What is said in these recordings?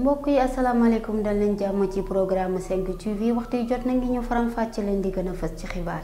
mbokk yi asalaamaaleykum dal leen jàmm ci programme 5 TV waxtu yi jot na ngi ñu faram fàcce leen di gën a fës ci xibaar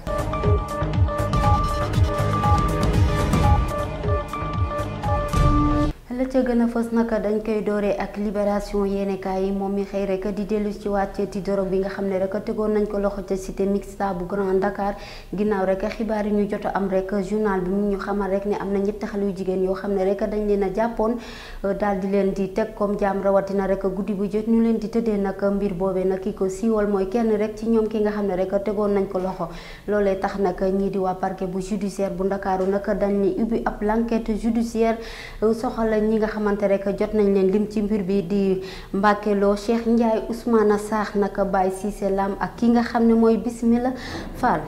la ca gëna fess fës naka dañ koy doré ak libération yene kay momi xey rek di delu ci wàccee ci dorog bi nga xamné rek tegoon nañ ko loxo ci cité mixta bu Grand Dakar ginnaw rek xibaar yi ñu jot am rek journal bi ñu xamal rek ne amna ñepp taxalu jigen yo xamné rek dañ leena a euh, dal di leen di tek comme jaam rawatina rek guddi bu jot ñu leen di tëddee nak mbir bobé nak kiko siwol moy kenn rek ci ñom ki nga xamné rek tegoon nañ ko loxo lolé tax nak ñi di wa parquet bu judiciaire bu dakaru nak dañ ni ubi ab l'enquête judiciaire euh, soxal ñi nga xamante rek jot nañ leen lim ci mbir bi di Mbacke Lo Cheikh Ndiaye Ousmane Sarr naka Baye Cissé Lam ak ki nga xam ne mooy Bismillah Fall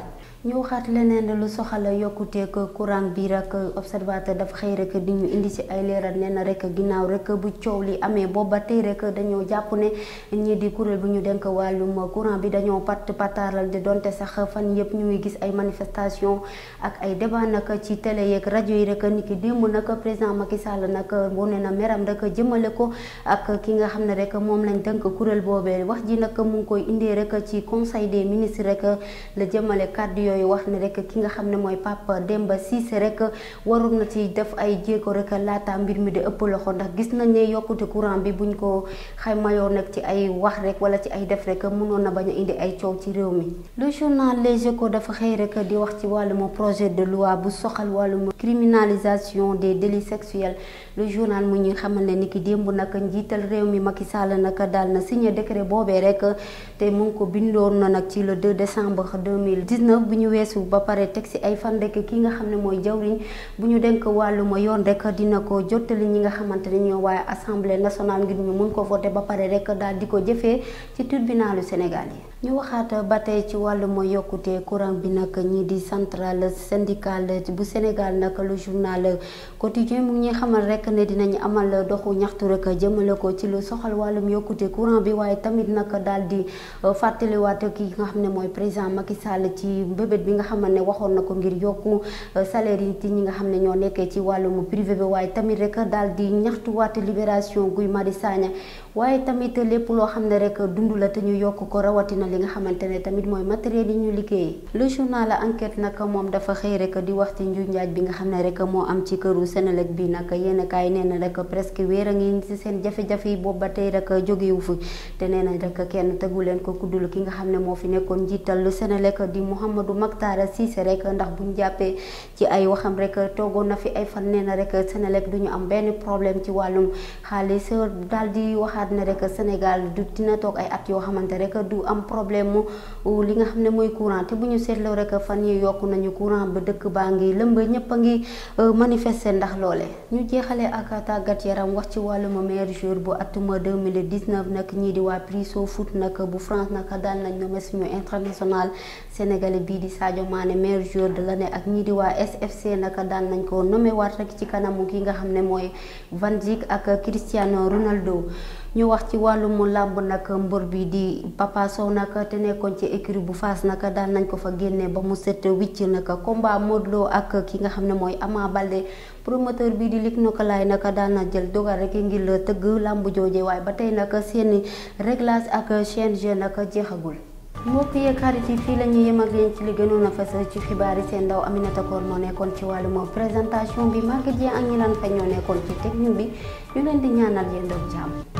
ñu waxaat leneen lu soxala yokkuteeg courant bi rek observateur dafa xëy rek di indi si ay leeral nee na rek ginnaaw rek bu coow li amee boobu ba tey rek dañoo jàpp ne ñii di kuréel bu ñu denk wàllum courant bi dañoo pat pataaral di donte sax fan yëpp ñu ngi gis ay manifestation ak ay débat nag ci télé yeeg rajo yi rek niki démb nag président Macky Sall nag wane na meram rek jëmale ko ak ki nga xam ne rek moom lañ dënk kuréel boobee wax ji nag mu ngi koy indee rek ci conseil des ministres rek la jëmale kàddu yooyu yooyu wax ne rek ki nga xam ne mooy Pape Demba Cissé rek waroon na ci def ay jéego rek laata mbir mi di ëpp loxo ndax gis nañ ne yokkute courant bi buñ ko xaymayoon nag ci ay wax rek wala ci ay def rek na bañ a indi ay coow ci réew mi. le dafa xëy rek di wax ci wàllum projet de loi bu soxal wàllum criminalisation des délits sexuels le journal mu ñuy xamal ne ni ki démb nag njiital réew mi Macky Sall nag daal na signé décret boobee rek te mu ko bindoon na nag ci le 2 décembre 2019 ñu ba pare teg si ay fan rek ki ne mooy jawriñ bu ñu yoon rek dina ko jottali ñi nga xamante ne ñoo waaye assemblée nationale ngir ñu mun ko voté ba pare rek daal di ko jëfee ci tribunalu Sénégal yi. ñu waxaat ba tey ci wàllum yokkute courant bi nag ñii di centrale syndicale bu Sénégal nag le journal quotidien mu ngi xamal rek ne dinañ amal doxu ñaxtu rek jëmale ko ci lu soxal wàllum yokkute courant bi waaye tamit nag daal di fàttaliwaat ki nga xam ne mooy président Macky ci mbépp mbébét bi nga xamante ne waxoon na ko ngir yokku euh, salaire yi ci nga xam ne ñoo nekkee ci wàllum privé bi waaye tamit rek daal di ñaxtuwaat libération Guy Marius Sagna waaye tamit lépp loo xam ne rek dundu la te ñu yokk ko rawatina li nga xamante ne tamit mooy matériel yi ñu liggéey le journal enquête nag moom dafa xëy rek di wax ci njuuj bi nga xam ne rek moo am ci këru Senelec bi nag yenn kaay nee na rek presque weer a ngi ci seen jafe-jafe yi boobu ba tey rek jógewu fi te nee na kenn tegu ko kuddul ki nga xam ne moo fi nekkoon njiital Senelec di Mouhamadou Mactar Cissé rek ndax buñ jàppee ci ay waxam rek toogoon na fi ay fan nee na rek Senelec du ñu am benn problème ci wàllum xaalis daal di waxaat ne rek Sénégal du dina toog ay at yoo xamante rek du am problème mu li nga xam ne mooy courant te ñu seetloo rek fan yi yokk nañu courant ba dëkk baa ngi lëmb ñëpp ngi euh, manifester ndax loole ñu jeexale ak tàggat yaram wax ci wàllum meilleur joueur bu atuma 2019 nag ñii di waa Priso foot nag bu France nag daal nañ nommer suñu international bii di di Sadio Mané meilleur joueur la l'année ak ñii di waa SFC naka daan nañ ko nommé waat rek ci kanamu ki nga xam ne mooy Van Dijk ak Cristiano Ronaldo ñu wax ci wàllum làmb nag mbur bi di Papa Sow nag te nekkoon ci écurie bu Fass nag daan nañ ko fa génne ba mu set wicc nag combat Modou Lo ak ki nga xam ne mooy Ama Baldé promoteur bi di Luc Nicolaï nag daan na jël dogal rek ngir tëgg làmb jooje waaye ba tey nag seeni réglage ak CNG nag jeexagul. mbokk yi xarit yi fii la ñuy yem ak yéen ci li gënoon a fës ci xibaar yi seen ndaw Aminata Koor moo nekkoon ci wàllu moom présentation bi Maguette Dieng ak ñi lan fa ñoo nekkoon ci technique bi ñu leen di ñaanal yéen doog